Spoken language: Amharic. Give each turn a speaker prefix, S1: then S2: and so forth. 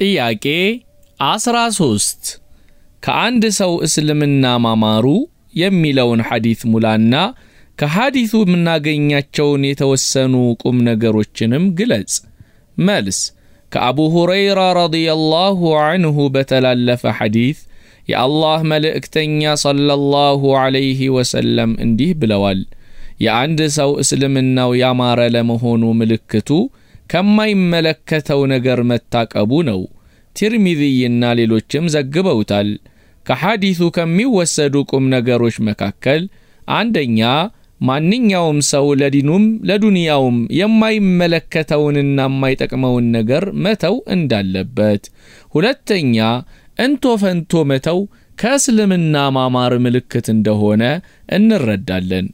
S1: ጥያቄ 13 ከአንድ ሰው እስልምና ማማሩ የሚለውን ሐዲት ሙላና ከሐዲቱ የምናገኛቸውን የተወሰኑ ቁም ነገሮችንም ግለጽ። መልስ ከአቡ ሁረይራ ረዲየላሁ አንሁ በተላለፈ ሐዲት የአላህ መልእክተኛ ሰለላሁ ዐለይሂ ወሰለም እንዲህ ብለዋል፣ የአንድ ሰው እስልምናው ያማረ ለመሆኑ ምልክቱ ከማይመለከተው ነገር መታቀቡ ነው። ቲርሚዝይና ሌሎችም ዘግበውታል። ከሐዲሱ ከሚወሰዱ ቁም ነገሮች መካከል አንደኛ ማንኛውም ሰው ለዲኑም ለዱንያውም የማይመለከተውንና የማይጠቅመውን ነገር መተው እንዳለበት፣ ሁለተኛ እንቶ ፈንቶ መተው ከእስልምና ማማር ምልክት እንደሆነ እንረዳለን።